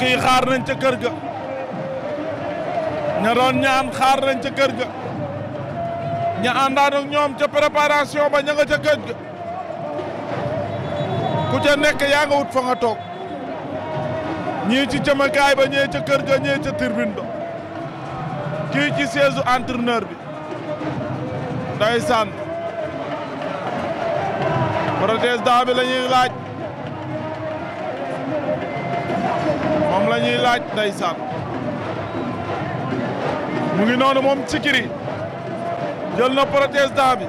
mbokk yi nañ ca kër ga ña doon ñaan xaar nañ ca kër ga ña àndaan ak ñoom ca préparation ba ña nga ca kër ga ku ca nekk yaa nga wut fa nga toog ñii ci cëmakaay ba ñee ca kër ga ñee ca tribune ba kii ci siège entraîneur bi ndeysaan protège bi moom mu ngi noonu moom Cikiri jël na protestant bi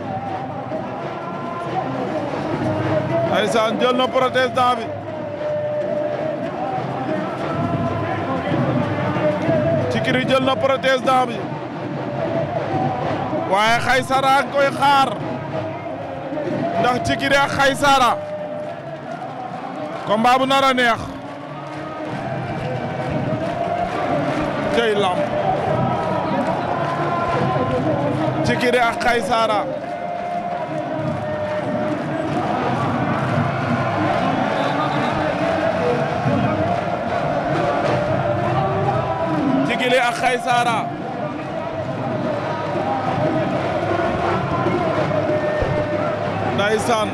ndeysaan jël na protestant bi Cikiri jël na protestant bi waaye Xaysara a ngi koy xaar ndax Cikiri ak Xaysara combat bu nar a neex كي أخاي سارة تكيري أخاي سارة نايسان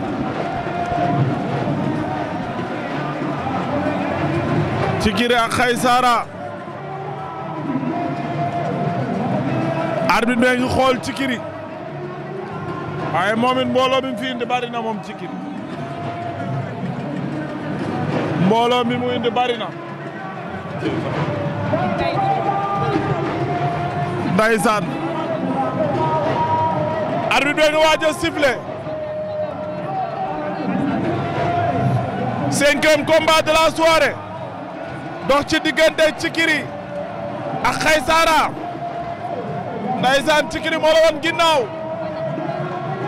تكيري أخي سارة arbitre bee ngi xool Cikiri waaye moom it mbooloo mi fi indi bari na moom Cikiri mbooloo mi mu indi bari na. Ndeysaan arbitre bee ngi waaj a sifflé cinquième combat de la dox ci diggante Cikiri ak Xaysara ndaysaan ci moo la woon ginnaaw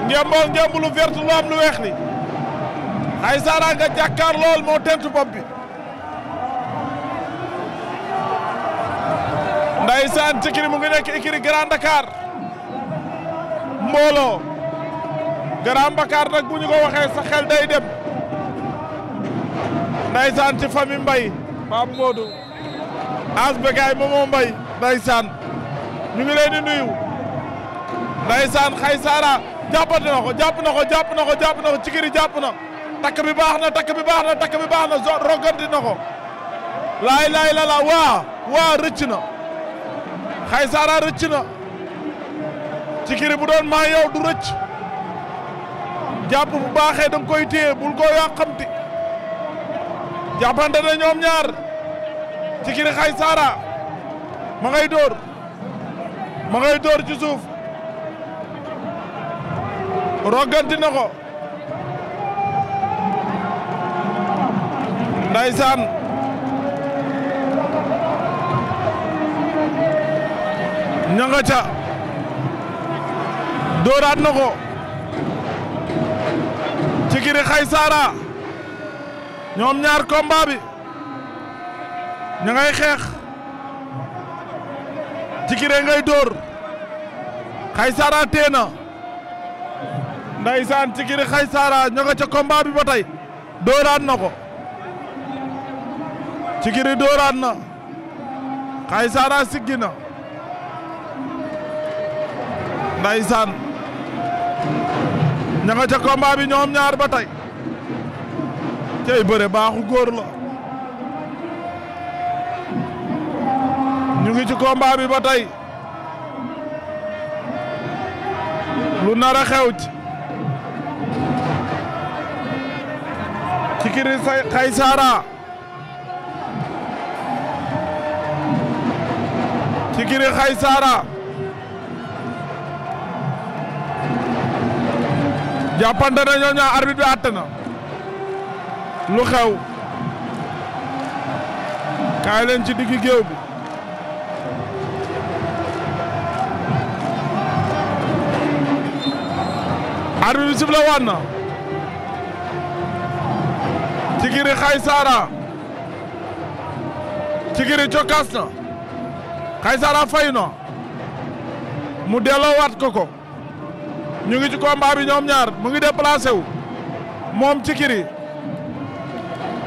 ngemboo ngemb lu vert lu am lu weex li xaysaara nga jàkkaar lool moo tentu bopp bi ndaysaan Cikiri mu ngi nekk Ikiri Grand Dakar mbooloo Grand Dakar nag bu ñu ko waxee sa xel day dem ndaysaan ci famille Mbaye Pape Modou Asbegay Momo Mbaye ndaysaan ñu ngi leen di nuyu ndaysaan xay saara jàppante na ko na ko jàpp na ko jàpp na ko cikiri jàpp na takk bi baax na takk bi baax na takk bi baax na roganti na ko laay laay la waa waa rëcc na xay na cikiri bu doon maa yow du rëcc jàpp bu baaxee da nga koy téye bul ko yaa xamti jàppante na ñoom ñaar cikiri xay saara ma ngay dóor ci suuf rogganti na ko ndaysaan ña nga ca dóoraat na ko ci kiri xay saara ñoom ñaar combat bi ña ngay xeex Tikire ngay dóor Xaysara tee na ndaysaan Tikire Xaysara ñoo nga ca combat bi ba tey dóoraat na ko Tikire dóoraat na Xaysara siggi na ndaysaan ñoo nga ca combat bi ñoom ñaar ba tey tey bëre baaxu góor la ñu ngi ci combat bi ba tey lu nar a xew ci Cikiri Xaysara ci Xaysara jàppante na ñoo ñaa arbitre bi àtt lu xew kaay leen ci digg géew bi arbitre bi siflé Cikiri Xaysara Cikiri jokasna, na Xaysara fay na mu delloo waat ko ko ñu ngi ci combat bi ñoom ñaar mu ngi déplacé wu moom Cikiri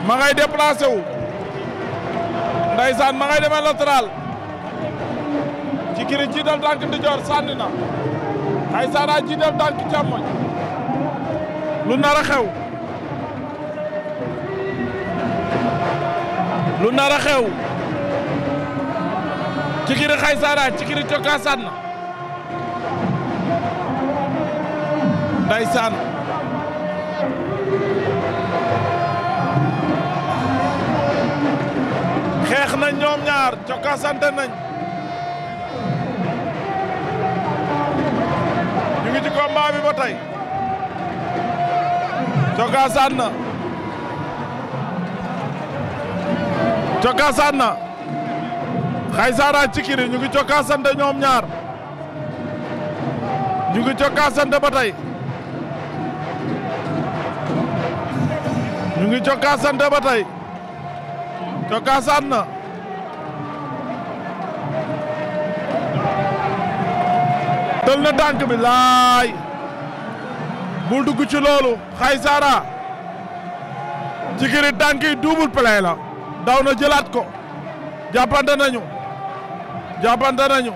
ma ngay déplacé wu ndaysaan ma ngay demee latéral Cikiri jiital tànk ndijoor sànni na Xaysara jiital tànk càmmoñ lu nar a xew lu nar a xew Cikiri xay saara Cikiri cokkaasan na ndeysaan xeex nañ ñoom ñaar cokkaasante nañ ñu ngi ci combat bi ba tey cokkaasaan na cokkaasaan na Xaysaara Cikiri ñu ngi cokkaasante ñoom ñaar ñu ngi cokkaasante ba tey ñu ngi cokkaasante ba tey cokkaasaan na tël na tànk bi laay bul dugg ci loolu xaysara jigéen tànk yi la daw na jëlaat ko jàppante nañu jàppante nañu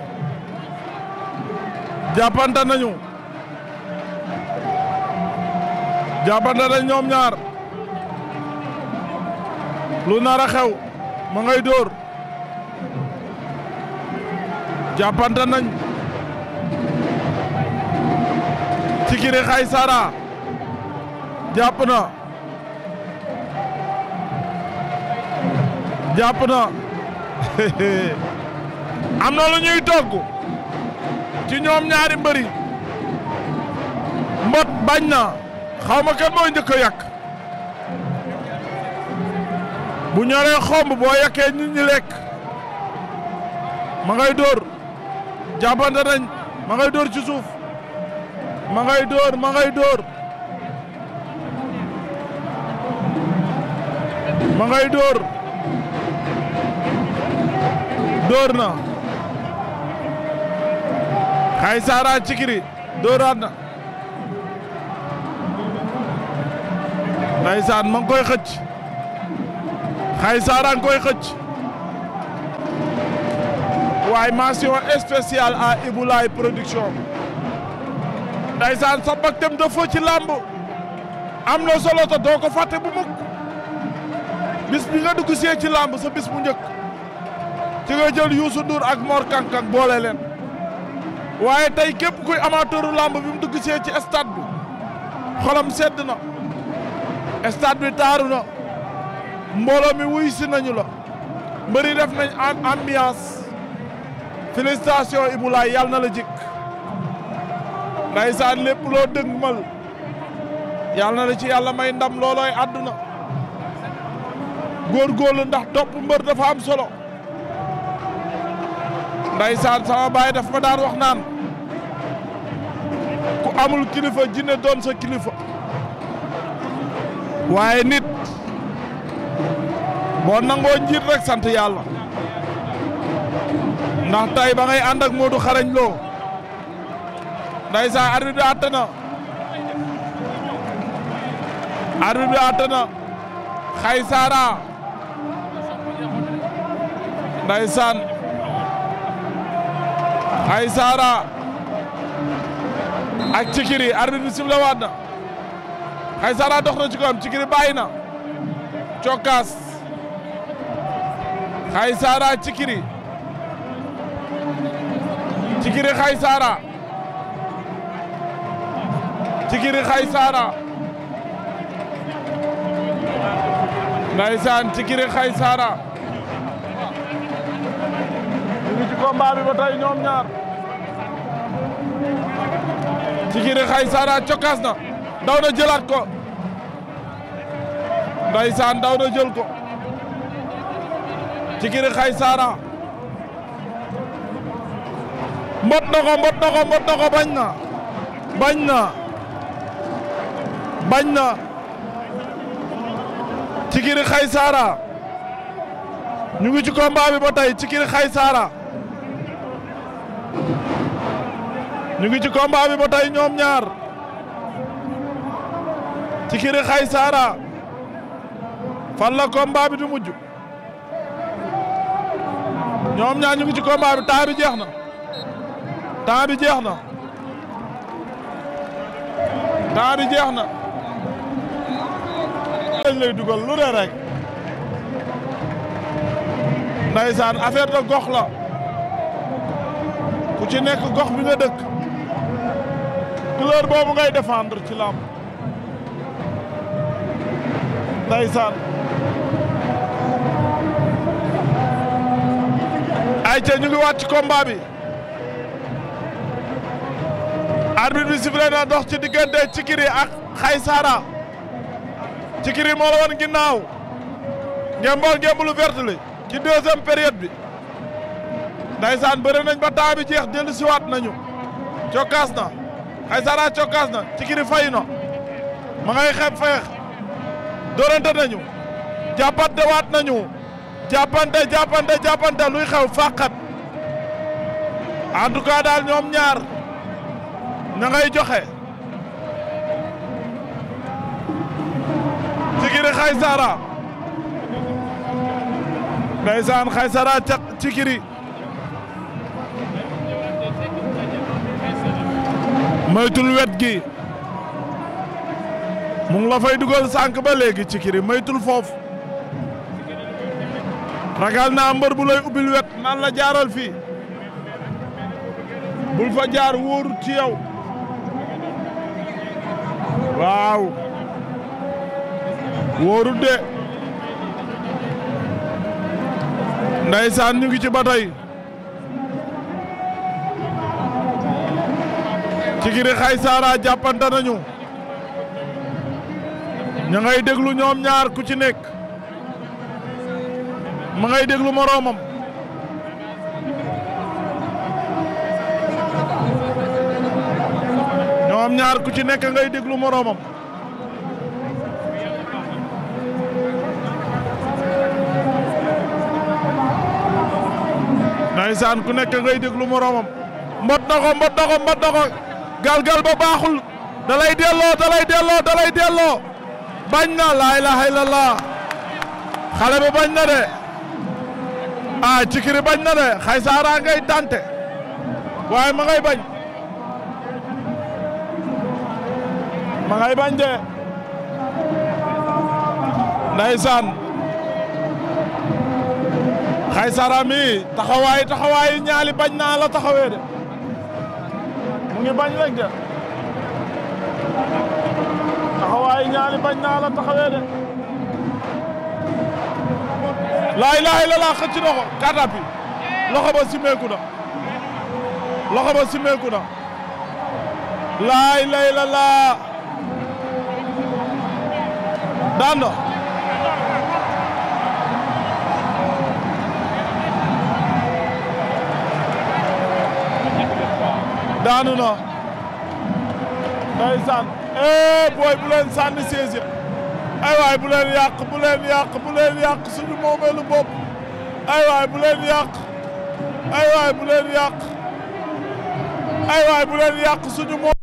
jàppante nañu jàppante nañ ñoom ñaar lu nar a xew ma ngay dóor nañ Sikiri Xaysara jàpp na jàpp na am na lu ñuy togg ci ñoom ñaari mbëri mbot bañ na xaw ma kan njëkk a yàq bu ñoree xomb boo yàkkee nit ñi lekk ma ngay dóor jàppante nañ ma ngay dóor ci suuf ma ngay dóor ma ngay dóor ma dóor dóor na xay saara cikiri dóoraat na ndaysaan ma ngi koy xëcc xay saara ngi koy xëcc waaye mention spéciale à Ibou Laye production ndaysaan sa mbagteem ci làmb am na solo te doo ko fàtte bu mukk bis bi nga dugg see ci làmb sa bis bu njëkk ci nga jël Youssou Ndour ak Mor Kang boole leen waaye tey képp kuy amateuru làmb bi mu dugg see ci stade bi xolam sedd na stade bi taaru na mbooloo mi wuy nañu la mbëri def nañ ambiance félicitation Ibou Laye yàlla na la jik ndaysaan lépp loo dëgmal yàlla na la ci yàlla may ndam loolooy àdduna góorgóorlu ndax topp mbër dafa am solo ndaysaan sama baay daf ma daan wax naan ku amul kilifa jinne doon sa kilifa waaye nit boo nangoo njiit rek sant yàlla ndax tay ba ngay ànd ak Modou xarañ loo ndeysaan arbitre bi àtte na arbitre bi àtte na xay saara ndeysaan xay ak cikiri arbitre bi sifle waat na xay saara dox ci kawam cikiri bàyyi na cokkaas xay cikiri cikiri xay Jigiri Xaysaara sara Jigiri Xaysaara ñu ngi ci combat bi ba tey ñoom ñaar Jigiri Xaysaara cokkaas na daw na jëlaat ko ndaysaan daw na jël ko Jigiri Xaysaara mbot na ko mbot na ko mbot na ko bañ na bañ na bañ na Cikiri Xaysaara ñu ngi ci combat bi ba tey Cikiri Xaysaara ñu ngi ci combat bi ba ñoom ñaar Cikiri Xaysaara fan la combat bi du mujj ñoom ñaar ñu ngi ci combat bi bi jeex na temps bi jeex na temps bi jeex na lañ lay dugal lu ne rek ndaysaan affaire de gox la ku ci nekk gox bi nga dëkk couleur boobu ngay défendre ci làmb ndaysaan ay ca ñu ngi wàcc combat bi arbitre bi sifflé na dox ci ci Cikiri ak Xaysara Cikiri moo la woon ginnaaw ngembal ngemb lu verte ci deuxième période bi ndaysaan bëre nañ ba temps bi jeex dellu siwaat nañu cokkaas na Aysara cokkaas na Cikiri fay na ma ngay xeeb feex dóorante nañu jàppante waat nañu jàppante jàppante jàppante luy xew fàqat en tout daal ñoom ñaar ña ngay joxe Cikiri Xaysara ndeysaan kaisara ca Cikiri maytul wet gi mu ngi la fay Cikiri maytul foofu ragal naa mbër bu lay ubbil wet naan la jaaral fii bul wóorut de ndaysaan ñu ngi ci ba ci giri xay saara jàppante nañu ña ngay déglu ñoom ñaar ku ci nekk ma ngay déglu moroomam ñoom ñaar ku ci nekk ngay déglu moroomam ndeysaan ku nekk ngay déglu moroomam mbot na ko mbot na ko mbot na ko galgal ba baaxul da delloo da delloo da delloo bañ na laa ilaha illallah xale bi bañ na de a cikiri bañ na de xaysaara ngay tante waaye ma ngay bañ ma ngay bañ de ndeysaan xaysara mi taxawaay taxawaayu ñaali bañ naa la taxawee de mu ngi bañ rek de ñaali bañ naa la taxawee de laay laay la xëcc na ko loxo ba simeeku na loxo ba simeeku na laay lay la laa daan na daanu na ndeysaan eh booy bu leen sànni siis yi ay waay bu leen yak, bu leen yak, bu leen yak, suñu moomeelu bopp ay waay bu leen yak. ay waay bu leen yak. ay waay bu leen yak, suñu moom